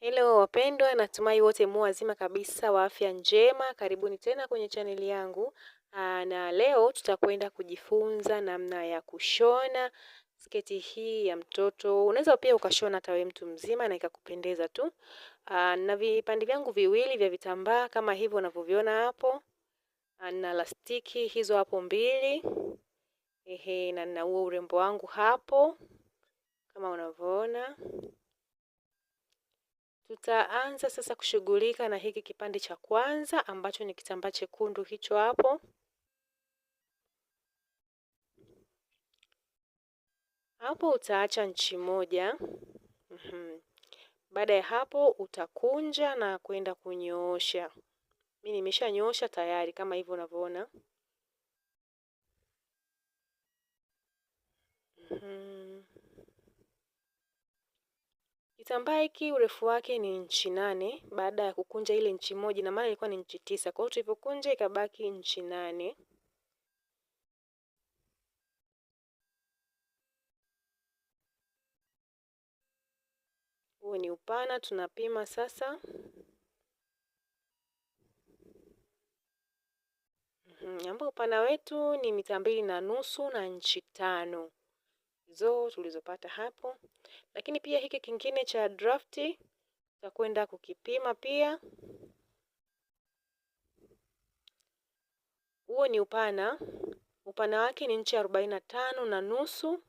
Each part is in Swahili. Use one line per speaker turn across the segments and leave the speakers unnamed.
Hello wapendwa, natumai wote mu wazima kabisa wa afya njema. Karibuni tena kwenye chaneli yangu. Aa, na leo tutakwenda kujifunza namna ya kushona sketi hii ya mtoto. Unaweza pia ukashona hata wewe mtu mzima na ikakupendeza tu. Aa, na vipande vyangu viwili vya vitambaa kama hivyo unavyoviona hapo, na lastiki hizo hapo mbili. Ehe, na na huo urembo wangu hapo kama unavyoona Tutaanza sasa kushughulika na hiki kipande cha kwanza ambacho ni kitambaa chekundu hicho hapo. Hapo utaacha nchi moja. mm -hmm. Baada ya hapo utakunja na kwenda kunyoosha. Mimi nimeshanyoosha tayari kama hivyo unavyoona. mm -hmm. Kitambaa hiki urefu wake ni inchi nane baada ya kukunja ile inchi moja, na maana ilikuwa ni inchi tisa. Kwa hiyo tulipokunja ikabaki inchi nane. Huu ni upana, tunapima sasa. Mhm, ambao upana wetu ni mita mbili na nusu na inchi tano hizo tulizopata hapo, lakini pia hiki kingine cha drafti tutakwenda kukipima pia. Huo ni upana, upana wake ni nchi arobaini na tano na nusu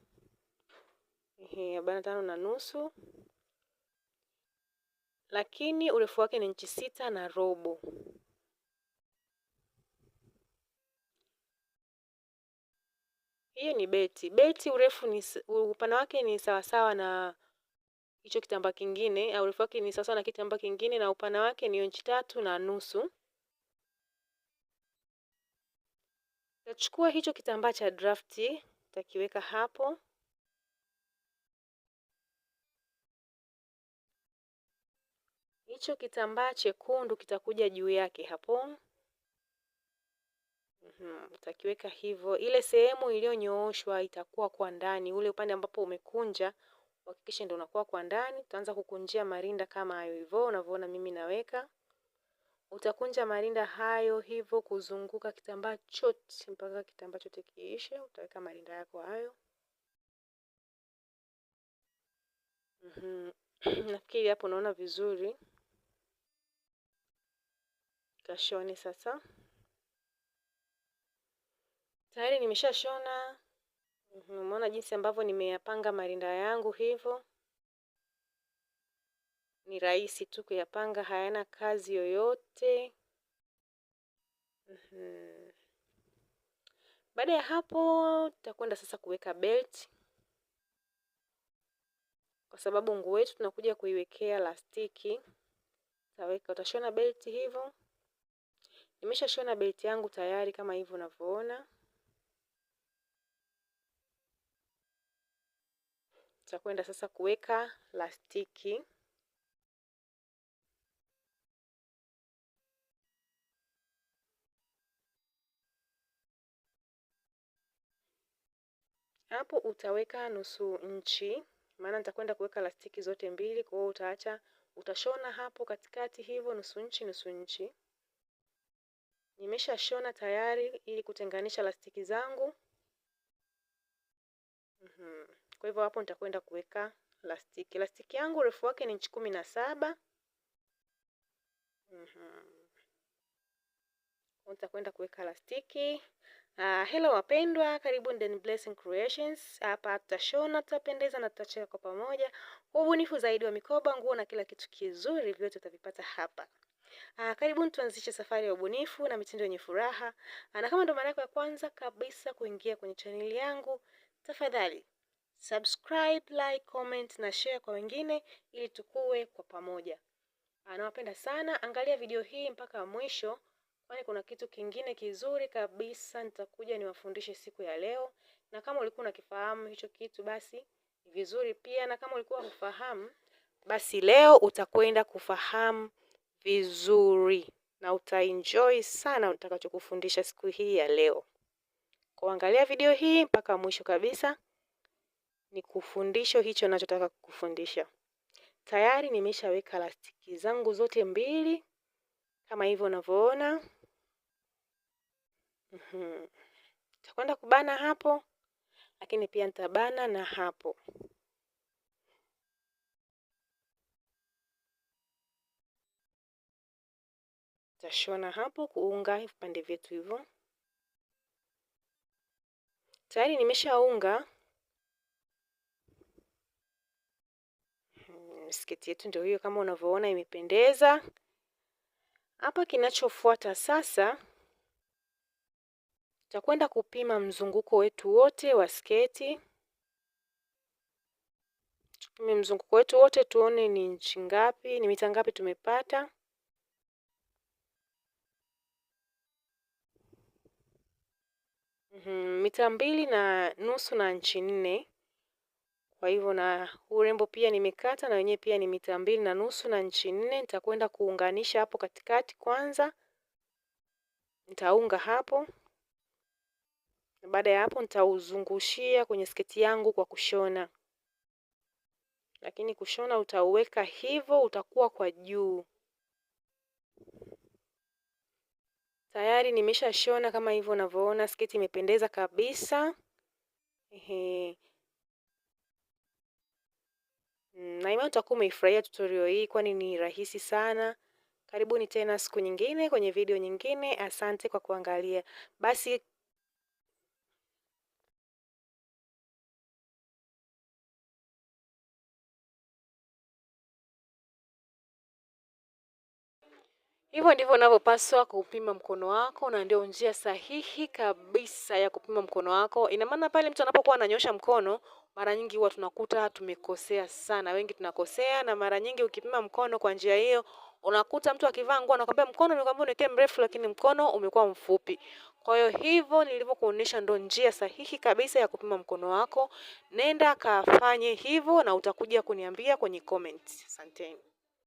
ehe, arobaini na tano na nusu lakini urefu wake ni nchi sita na robo. Hiyo ni beti. Beti urefu ni upana wake ni sawasawa na hicho kitambaa kingine, au urefu wake ni sawasawa na kitambaa kingine na upana wake ni inchi tatu na nusu. Tachukua hicho kitambaa cha drafti, nitakiweka hapo. Hicho kitambaa chekundu kitakuja juu yake hapo. Utakiweka hivyo. Ile sehemu iliyonyooshwa itakuwa kwa ndani, ule upande ambapo umekunja uhakikishe ndio unakuwa kwa ndani. Utaanza kukunjia marinda kama hayo hivyo unavyoona mimi naweka. Utakunja marinda hayo hivyo kuzunguka kitambaa chote mpaka kitambaa chote kiishe. Utaweka marinda yako hayo. Mhm. Nafikiri hapo unaona vizuri. Kashone sasa. Tayari nimeshashona. Umeona jinsi ambavyo nimeyapanga marinda yangu hivyo. Ni rahisi tu kuyapanga, hayana kazi yoyote. Mhm. Baada ya hapo tutakwenda sasa kuweka belt, kwa sababu nguo yetu tunakuja kuiwekea lastiki. Utaweka, utashona belt hivyo. Nimeshashona belt yangu tayari kama hivyo unavyoona. Tutakwenda sasa kuweka lastiki. Hapo utaweka nusu nchi, maana nitakwenda kuweka lastiki zote mbili. Kwa hiyo utaacha, utashona hapo katikati hivyo nusu nchi nusu nchi. Nimeshashona tayari ili kutenganisha lastiki zangu. mm -hmm. Kwa hivyo hapo nitakwenda kuweka lastiki. Lastiki yangu urefu wake ni inchi kumi na saba. Mhm. Nitakwenda kuweka lastiki. Uh, hello wapendwa, karibu Denis Blessing Creations. Hapa tutashona, tutapendeza na tutacheka kwa pamoja. ubunifu zaidi wa mikoba, nguo na kila kitu kizuri, vyote utavipata hapa. Uh, karibu tuanzishe safari ya ubunifu na mitindo yenye furaha. Uh, na kama ndo mara yako ya kwanza kabisa kuingia kwenye chaneli yangu, tafadhali subscribe, like, comment na share kwa wengine ili tukue kwa pamoja. Anawapenda ah, sana, angalia video hii mpaka mwisho, kwani kuna kitu kingine kizuri kabisa nitakuja niwafundishe siku ya leo, na kama ulikuwa unakifahamu hicho kitu basi ni vizuri pia, na kama ulikuwa hufahamu basi leo utakwenda kufahamu vizuri na utaenjoy sana utakachokufundisha siku hii ya leo. Kuangalia video hii mpaka mwisho kabisa ni kufundisho hicho nachotaka kukufundisha. Tayari nimeshaweka lastiki zangu zote mbili kama hivyo unavyoona. Mhm. Nitakwenda kubana hapo lakini pia nitabana na hapo. Tashona hapo kuunga vipande vyetu hivyo. Tayari nimeshaunga. sketi yetu ndio hiyo kama unavyoona imependeza. Hapa kinachofuata sasa tutakwenda kupima mzunguko wetu wote wa sketi. Tupime mzunguko wetu wote tuone ni inchi ngapi, ni mita ngapi tumepata. Mm -hmm, mita mbili na nusu na inchi nne. Kwa hivyo na urembo pia nimekata na wenyewe pia ni mita mbili na nusu na nchi nne. Nitakwenda kuunganisha hapo katikati kwanza, nitaunga hapo, na baada ya hapo nitauzungushia kwenye sketi yangu kwa kushona, lakini kushona utauweka hivyo, utakuwa kwa juu. Tayari nimeshashona kama hivyo unavyoona, sketi imependeza kabisa. Ehe. Mm, imani utakuwa umeifurahia tutorial hii kwani ni rahisi sana. Karibuni tena siku nyingine kwenye video nyingine. Asante kwa kuangalia. Basi
Hivyo ndivyo unavyopaswa kupima mkono wako, na ndio njia sahihi kabisa ya kupima mkono wako. Ina maana pale mtu anapokuwa ananyosha mkono mara nyingi huwa tunakuta tumekosea sana, wengi tunakosea. Na mara nyingi ukipima mkono kwa njia hiyo, unakuta mtu akivaa nguo anakwambia mkono nilikwambia uniwekee mrefu, lakini mkono umekuwa mfupi. Kwa hiyo hivyo nilivyokuonesha ndo njia sahihi kabisa ya kupima mkono wako. Nenda kafanye hivyo na utakuja kuniambia kwenye comment. Asanteni.